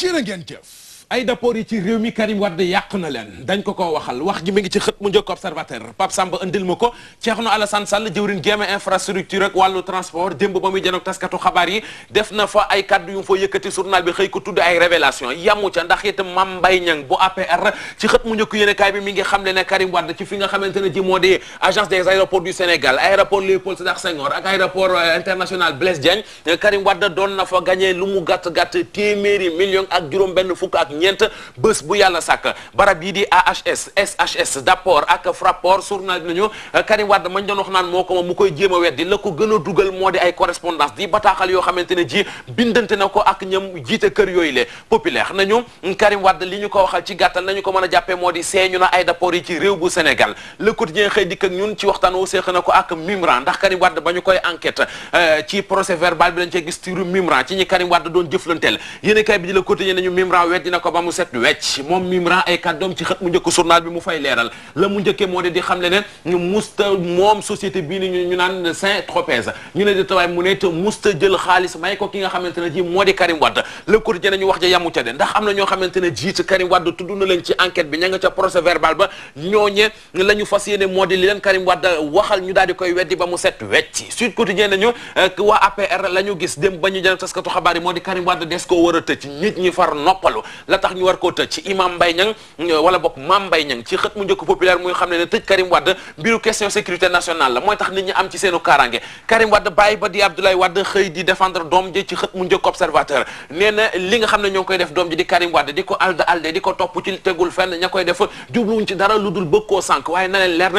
jërë ngeen jëf ay dapor yi ci réew mi Karim Wade yàq na leen dañ ko ko waxal wax ji mi ngi ci xët mu njëkk observateur Pape Samba indil ma ko Thierno Alassane Sall jëwriñ gémme infrastructure ak wàllu transport démb ba muy janoog taskatu xabaar yi def na fa ay kaddu yu mu fa yëkkati journal bi xëy ko tudd ay révélation yamu ca ndax itam Mame mbay Niang bu APR ci xët mu njëkk yéenekaay bi mi ngi xam ne Karim Wade ci fi nga xamante ne ji moo di agence des aéroports du Sénégal aéroport Léopold Sédar Senghor ak aéroport euh, international Blaise Diagne doon na fa gagné lu mu gàtt gàtt téeméeri million ak juróom benn fukk ak ñeent bés bu yàlla sàkk barab yi di AHS SHS d'apport ak frapport journal nañu Karim Wade mañ doon naan moo ko moom mu koy jéem a weddi la ko gën a dugal moo di ay correspondance di bataaxal yoo xamante ne ji bindante na ko ak ñam jiite kër yooyu le populaire nañu Karim Wade li ñu ko waxal ci gàttal nañu ko mën a jàppee moo di seeñu na ay d'apport yi ci réew bu Sénégal le quotidien xëy dikk ak ñun ci waxtaan wu séex na ko ak Mimran ndax Karim Wade ba ñu ko ba mu set wecc moom Mimran ay kàddoom ci xët mu njëkk journal bi mu fay leeral la mu moo di di le ne musta moom bii ni ñu naan Saint-Tropez ñu ne di tawaay mu jël xaalis ko ki nga xamante ne ji moo di Karim Wade le nañu wax yamu ca de ndax am na ñoo xamante ne ji ci Karim Wade tudd na leen ci enquête bi ña nga moo di li leen Karim Wade waxal daal di koy weddi ba mu set wecc Sud Quotidien nañu waa APR la ñu gis dem ba ñu jël taskatu xabaar yi moo di Karim Wade des koo war a tëj nit ñi far noppalu la tax ñu war koo tëj ci imam Mbaye Niang wala bokk maam Mbaye Niang ci xët mu njëkk populaire muy xam ne ne tëj Karim Wade mbiru question sécurité nationale la mooy tax nit ñi am ci seenu kaaraange Karim Wade bàyyi ba di Abdoulaye Wade xëy di défendre doom ji ci xët mu njëkk observateur nee na li nga xam ne ñoo ngi koy def doom ji di Karim Wade di ko alda alde di ko topp ci tegul fenn ña koy def jubluwuñ ci dara lu dul bëgg koo sànq waaye na leen leer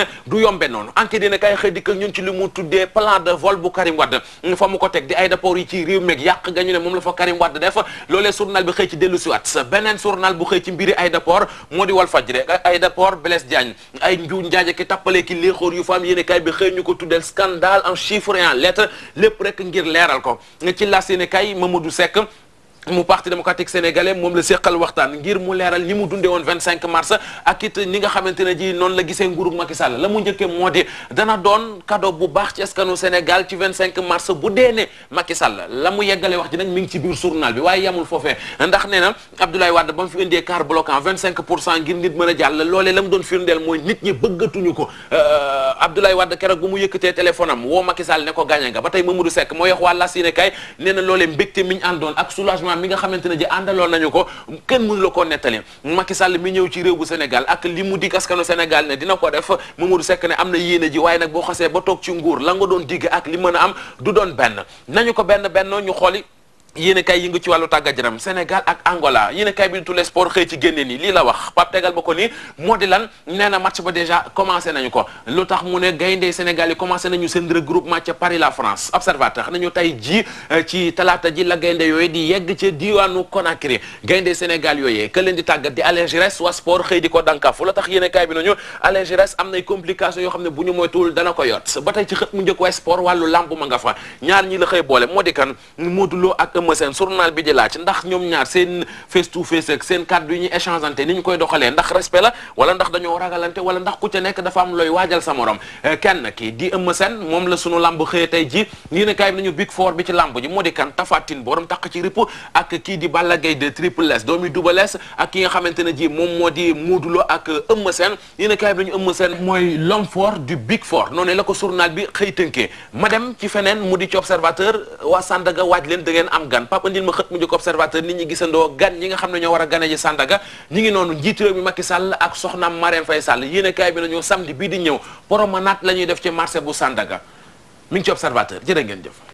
ne du beneen journal bu xëy ci mbiri aéroport moo di wal fajre aéroport Blaise Diagne ay njuuj njaaje ki tappale ki léexoor yu fa am yéene kaay bi xëy ñu ko tuddeel scandale en chiffres et en lettres lépp rek ngir leeral ko nga ci las yéene kaay Mamadou sekk mu parti démocratique sénégalais moom la séqal waxtaan ngir mu leeral ni mu dundee woon 25 mars ak it ni nga xamante ji noonu la gisee nguurug Macky la mu njëkkee moo dana doon cadeau bu baax ci askanu Sénégal ci mars bu dee ne Macky Sall la mu yeggalee wax ji nag mi ngi ci biir journal bi waaye yamul foofee ndax nee na Abdoulaye Wade ba mu fi indee mu doon firndeel mooy nit ñi bëggatuñu ko euh, Abdoulaye Wade keroog bu mu yëkkatee téléphone am woo Macky ne ko gaañ nga ba gouvernement mi nga xamante ne ji àndaloon nañu ko kenn mënu la koo nettali Macky sàll mi ñëw ci réew bu Sénégal ak li mu dig askanu Sénégal ne dina ko def moom Mamadou Seck ne am na yéene ji waaye nag boo xasee ba toog ci nguur la nga doon digg ak li mën a am du doon benn nañu ko benn benn ñu xooli yéen a kay yëngu ci wàllu tàggat yaram Sénégal ak Angola yéen a kay bi tous les sports xëy ci génne nii lii la wax Pape tegal ba ko nii moo di lan nee na match ba déjà commencé nañu ko lu tax mu ne gaynde Sénégal yi commencé nañu seen regroupement ca Paris la France observateur nañu tey ji euh, ci talaata ji la gaynde yooyu di yegg ca diwaanu Conakry gaynde Sénégal yooyu que leen di tàggat di Alain Giresse waa sport xëy di ko dànkaafu la tax yéen a kay bi nañu Alain Giresse am nay complications yoo xam ne bu ñu moytuwul ko yot ba tey ci xët mu njëkk waay moo di Eumeu Sène journal bi di laaj ndax ñoom ñaar seen face to face ak seen kàddu yi ñuy échangeante ni ñu koy doxalee ndax respect la wala ndax dañoo ragalante wala ndax ku ca nekk dafa am looy waajal sa morom eh, moom la sunu lamb xëye tey ji lii ne bi nañu big four bi ci lamb ji moo di kan tafatin borom taq ci ripp ak kii di Balla Gaye de Triple S doomi Double S ak ki nga xamante ji moom moo di Modou ak Eumeu Sène lii ne bi nañu Eumeu Sène mooy l'homme fort du big four noonu la ko journal bi xëy tënkee ma dem ci feneen mu di ci observateur waa waaj leen da am gan Pape andil ma xët mu njëkk observateur nit ñi gisandoo gan ñi nga xam ne ñoo war a gane ji Sandaga ñi ngi noonu njiit réew mi Macky Sall ak soxnaam Marème Faye Sall yéenekaay bi nañu samedi bii di ñëw promenade la ñuy def ci marché bu Sandaga mu ngi ci observateur jërë ngeen jëf